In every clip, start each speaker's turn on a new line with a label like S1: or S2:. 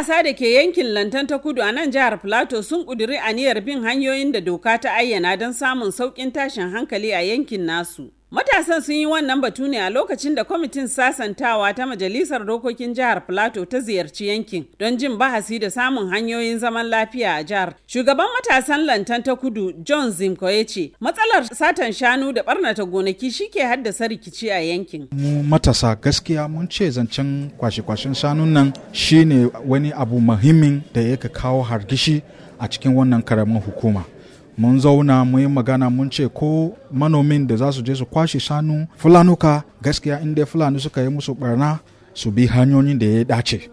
S1: Matasa da ke yankin Lantan ta kudu a nan jihar Filato sun ƙudiri aniyar bin hanyoyin da doka ta ayyana don samun sauƙin tashin hankali a yankin nasu. Matasan sun yi wannan batu ne a lokacin da kwamitin sasantawa ta Majalisar Dokokin Jihar Plateau ta ziyarci yankin don jin bahasi da samun hanyoyin zaman lafiya a jihar. Shugaban matasan lantan ta kudu John Zimko ya ce matsalar satan shanu da barnata gonaki shike haddasa rikici a yankin.
S2: Mu matasa gaskiya mun ce zancen kwashe-kwashen shanun nan shine wani abu muhimmin da ya kawo hargishi a cikin wannan karamin hukuma. mun zauna muyi yi magana mun ce ko manomin da za su je su kwashe shanu fulanuka gaskiya inda fulani suka yi musu barna su bi hanyoyin da ya dace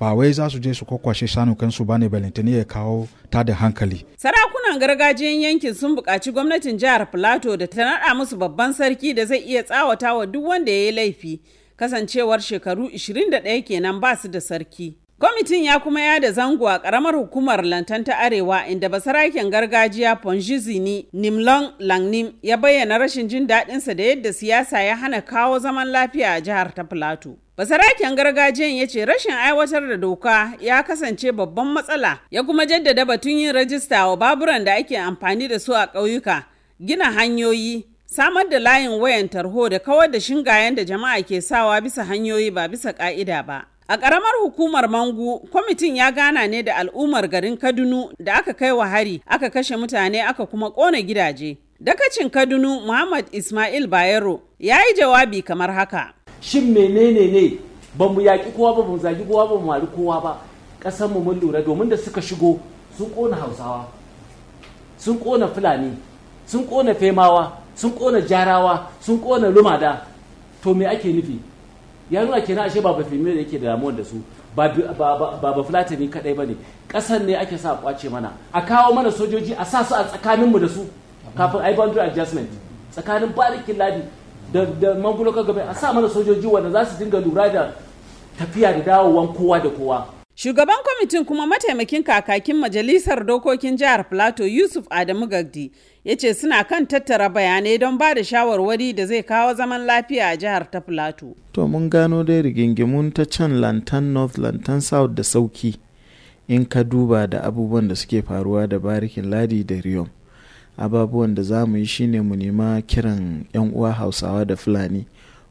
S2: ba wai za su je su kwakwashe shanukansu ba ne balintani ya kawo ta da hankali.
S1: Sarakunan gargajiyan yankin sun buƙaci gwamnatin jihar Filato da ta naɗa musu babban sarki da zai iya tsawata wa duk wanda ya yi laifi kasancewar shekaru 21 kenan ba su da sarki. Kwamitin ya kuma yada zango a ƙaramar hukumar Lantan ta Arewa inda basaraken gargajiya Ponjizini Nimlong Langnim ya bayyana rashin jin daɗinsa da yadda siyasa ya hana kawo zaman lafiya a jihar ta Plateau. Basaraken gargajiyan ya ce rashin aiwatar da doka ya kasance babban matsala ya kuma jaddada batun yin rajista wa baburan da ake amfani da su a ƙauyuka, gina hanyoyi, samar da layin wayan tarho da kawar da shingayen da jama'a ke sawa bisa hanyoyi ba bisa ƙa'ida ba. A ƙaramar hukumar Mangu, kwamitin ya gana ne da al'ummar garin Kaduna da aka kai wa hari, aka kashe mutane aka kuma ƙona gidaje. Dakacin Kaduna Muhammad Ismail Bayero ya yi jawabi kamar haka.
S3: Shin menene ne ba mu yaƙi kowa ba, mu zagi kowa ba, mu kowa ba, ƙasar mu mun lura domin da suka shigo sun ƙona Hausawa, sun ƙona Fulani, sun ƙona Femawa, sun ƙona Jarawa, sun ƙona Lumada. To me ake nufi? ya nuna kenan ashe ba bafilmi da yake da damuwar da su ba ba kadai ba ne kasan ne ake sa kwace mana a kawo mana sojoji a sa su a tsakaninmu da su kafin ai boundary adjustment tsakanin barikin ladi da
S1: da mangulo gaba a sa mana sojoji wanda za su dinga lura da tafiya da dawowan kowa da kowa Shugaban kwamitin kuma mataimakin kakakin Majalisar Dokokin Jihar Plateau Yusuf Adamu Gagdi ya ce suna kan tattara bayanai don ba da shawarwari da zai kawo zaman lafiya a jihar ta Plateau.
S4: To mun gano dai rigingimun ta can Lantan North, Lantan South da Sauki in ka duba da abubuwan da suke faruwa da barikin ladi da Riyom. Ababuwan da za mu yi shine mu nema kiran 'yan uwa Hausawa da Fulani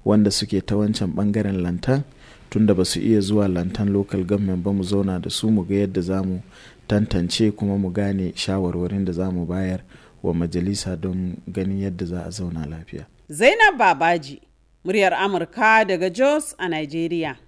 S4: wanda suke ta wancan bangaren Lantan. tunda ba su iya zuwa lantan local government ba mu zauna da su mu ga yadda za mu tantance kuma mu gane shawarwarin da za mu bayar wa majalisa don ganin yadda za a zauna lafiya.
S1: Zainab Babaji, muryar Amurka daga Jos a Nigeria.